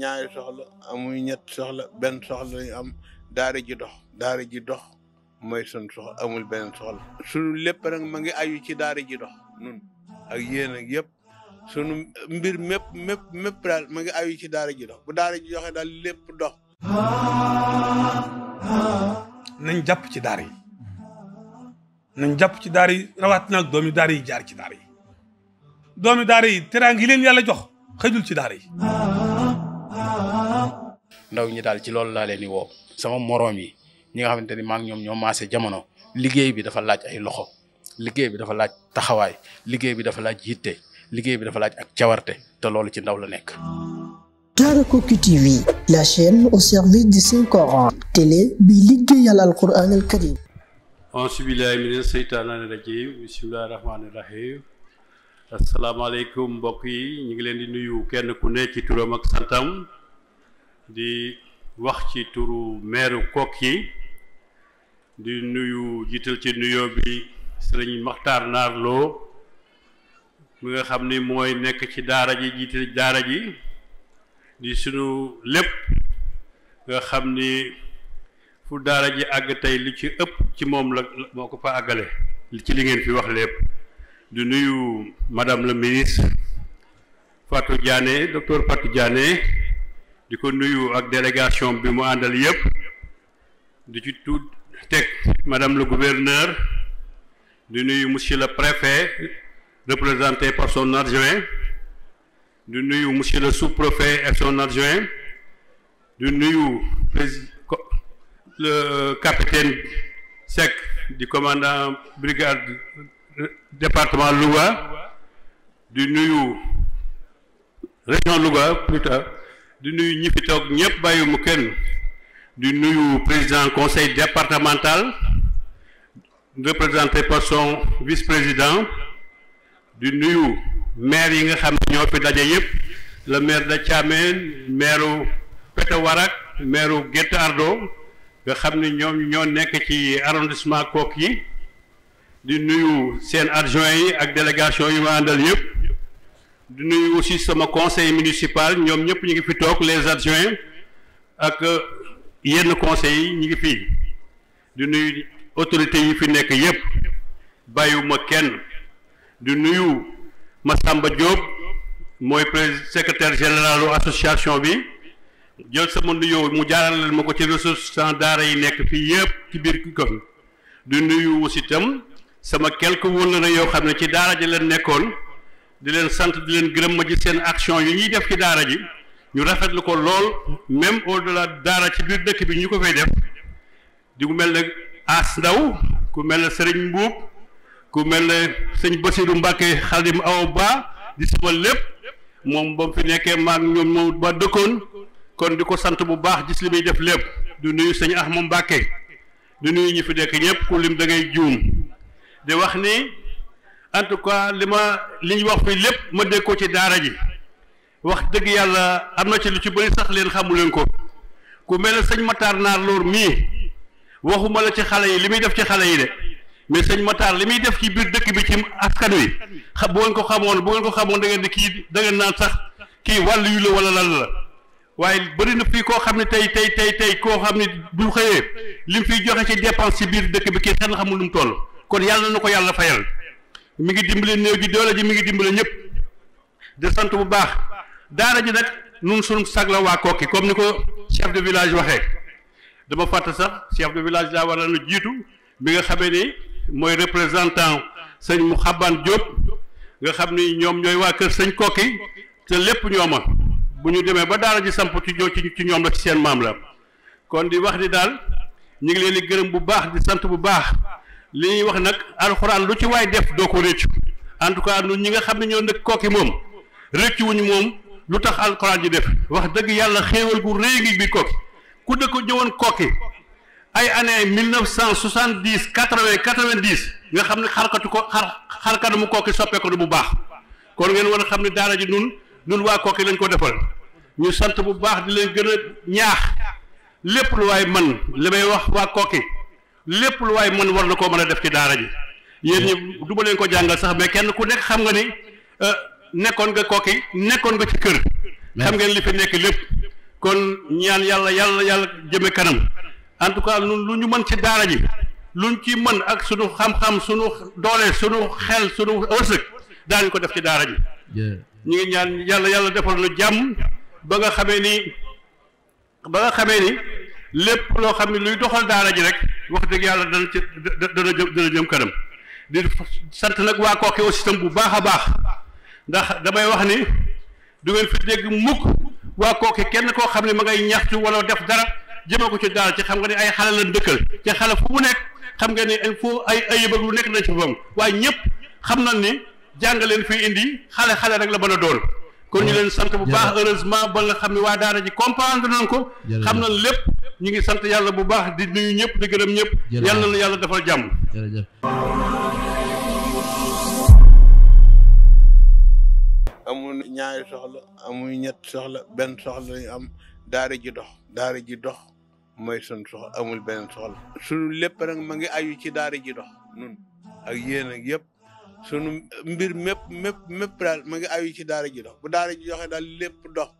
ñaari soxla amuñ ñett soxla benn soxla lañu am daara ji dox daara ji dox mooy sun soxla amul benn soxla sunu lépp rek ma ngi ayu ci daara ji dox nun ak yéen ak yëpp sunu mbir mépp mépp mépp ma ngi ayu ci daara ji dox bu daara ji doxee daal lépp dox nañ jàpp ci daara yi nañ jàpp ci daara yi rawaat nag doomi daara yi jaar ci daara yi doomi daara yi teraangi leen yàlla jox xëjul ci daara yi ndaw ñi daal ci loolu laa leen di woo sama moroom yi ñi nga xamante ni maak ñoom ñoo maase jamono liggéey bi dafa laaj ay loxo liggéey bi dafa laaj taxawaay liggéey bi dafa laaj yitte liggéey bi dafa laaj ak cawarte te loolu ci ndaw la nekk. Daarakoki TV la chaîne au service du Saint Coran télé bi liggéeyal yi ñu ngi leen di nuyu kenn ku di wax ci turu meeru yi di nuyu jiital ci nuyoo bi sëriñ Maxtaar Naar Lo mu nga xam ni mooy nekk ci daara ji jiital daara ji di sunu lépp nga xam ni fu daara ji àgg tey li ci ëpp ci moom la moo ko fa àggale ci li ngeen fi wax lépp di nuyu madame la ministre Fatou Diané docteur di ko nuyu ak délégation bi mu àndal yëpp di ci tuut teg madame le gouverneur di nuyu monsieur le préfet représenté par son adjoint di nuyu monsieur le sous-préfet et son adjoint di nuyu le capitaine di commandant brigade euh, département Louga di nuyu région Louga plus tard di nuyu ñi fi toog ñëpp bàyyi mu kenn di nuyu président conseil départemental représenté par son vice-président di nuyu maire yi nga xam ne ñoo fi daje yëpp le maire de Thiamène maire Pétawarak maire Guet Ardo nga xam ne ñoom ñoo nekk ci arrondissement Koki yi di nuyu seen adjoint yi ak délégation yu ma àndal yëpp di nuyu aussi sama conseil municipal ñoom ñëpp ñu ngi fi toog les adjoints ak yenn conseils yi ñu ngi fii di nuyu autorités yi fi nekk yëpp bàyyiwuma kenn du nuyu ma Massamba Diop mooy président secretaire généralu association bi jël sama nuyoo mu jaaralal ma ko ci ressources sans daara yi nekk fii yëpp ci biir kër du nuyu aussi itam sama quelques wëllëre yoo xam ne ci daara ji leen nekkoon. di leen sant di leen gërëm ma gis seen action yi ñuy def ci daara ji ñu rafetlu ko lool même au delà daara ci biir dëkk bi ñu ko fay def di ku mel na As Ndaw ku mel ne Sëriñ Mbuub ku mel ne sëñ Basiru Mbàkke Xadim Awa Ba di sama lépp moom ba mu fi nekkee maag ñoom moom dëkkoon kon di ko sant bu baax gis li muy def lépp du nuy sëñ Ahmadu Mbàkke du nuy ñu fi nekk ñëpp ku lim dangay ngay juum di wax ni en tout cas li ma li ñu wax fii lépp ma dégg ko ci daara ji wax dëgg yàlla am na ci lu ci bari sax leen xamu leen ko ku mel ne sëñ Matar Naar Loor mii waxuma la ci xale yi li muy def ci xale yi de mais sëñ Matar li muy def ci biir dëkk bi ci askan wi bu ngeen ko xamoon bu ngeen ko xamoon da ngeen di kii da ngeen naan sax kii wàll yu la wala lan la waaye bëri na fii koo xam ne tey tey tey tey koo xam ne bu xëyee li mu fiy joxe ci dépense ci biir dëkk bi kii xel xamul lu mu toll kon yàlla na ko yàlla fayal. mi ngi dimbale néew ji doole ji mu ngi dimbale ñëpp di sant bu baax daara ji nag nun sunu sag la waa kokki comme ni ko chef de village waxee dama fàtt sax chef de village laa war na jiitu bi nga xamee ni mooy représentant sëñ Mouhabane Diop nga xam ni ñoom ñooy waa kër sañ kokki te lépp ñooma bu ñu demee ba daara ji samp ci ci ñoom la ci seen maam la kon di wax ni daal ñu ngi leen di gërëm bu baax di sant bu baax li ñuy wax nag alxuraan lu ci waay def doo ko réccu en tout cas ñun ñi nga xam ne ñoo nekk kooki moom réccu wuñu moom lu tax alxuraan ji def wax dëgg yàlla xéewal gu réy ngi biir kooki ku dëkk ñëwoon kooki ay année mille neuf cent soixante dix quatre vingt quatre nga xam ne xarkatu ko xar xarkatu mu kooki soppeeku bu baax kon ngeen war a xam ne daara ji nun nun waa kooki lañ ko defal ñu sant bu baax di leen gën a ñaax lépp lu waay man li may wax waa kooki lépp lu waaye mën war na koo mën a def ci daara ji yéen ñi du ma leen ko jàngal sax mais kenn ku nekk xam nga ni euh, nekkoon nga kooki nekkoon nga ci kër xam ngeen li fi nekk lépp kon ñaan yàlla yàlla yàlla jëme kanam en tout cas lu ñu mën ci daara ji luñ ci mën ak suñu xam-xam suñu doole sunu xel suñu wërsëg daañu ko def ci daara ji ñu ngi ñaan yàlla yàlla defal lu jàmm ba nga xamee ni ba nga xamee ni lépp loo xam ne luy doxal daara ji rek wax dëgg yàlla dana ci dana jëm dana jëm kanam di sant nag waa Koki aussi tam bu baax a baax ndax damay wax ni du ngeen fi dégg mukk waa Koki kenn koo xam ne ma ngay ñaxtu wala def dara jëmee ko ci daal ci xam nga ni ay xale la dëkkal ci xale fu mu nekk xam nga ne il faut ay ayib ak nekk nañ ci fam waaye ñëpp xam na ni jàng leen fi indi xale xale rek la mën a doon. kon ñu leen sant bu baax heureusement ba nga xam ne waa daara ji comprendre nañ ko. xam nañ lépp. ñu ngi sant yàlla bu baax di nuyu ñëpp di gërëm ñëpp. yàlla na yàlla defal jàmm. jërëjëf. amul ñaari soxla amul ñett soxla benn soxla lañu am daara ji dox daara ji dox mooy suñ soxla amul benn soxla suñu lépp nag ma ngi ayu ci daara ji dox nun ak yéen ak suñu mbir mépp mépp mépp daal ma ngi ayu ci daara ji dox bu daara ji doxee daal lépp dox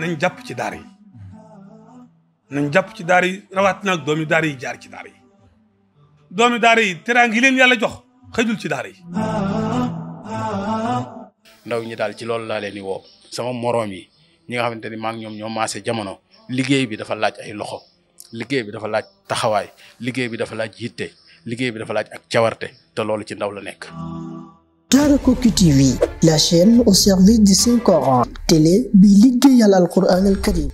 nañ jàpp ci daar yi na jàpp ci daar yi rawaat naag doomi daar yi jaar ci daar yi doomi daar yi teraang yi leen yàlla jox xëjul ci daar yi ndaw ñi daal ci loolu laa leen di woo sama moroom yi ñi nga xamante ni maa ñoom ñoo maase jamono liggéey bi dafa laaj ay loxo liggéey bi dafa laaj taxawaay liggéey bi dafa laaj yitte liggéey bi dafa laaj ak cawarte te loolu ci ndaw la nekk Daarakoki TV la chaîne au service du Saint Coran télé bi liggéeyal al Qur'an al Karim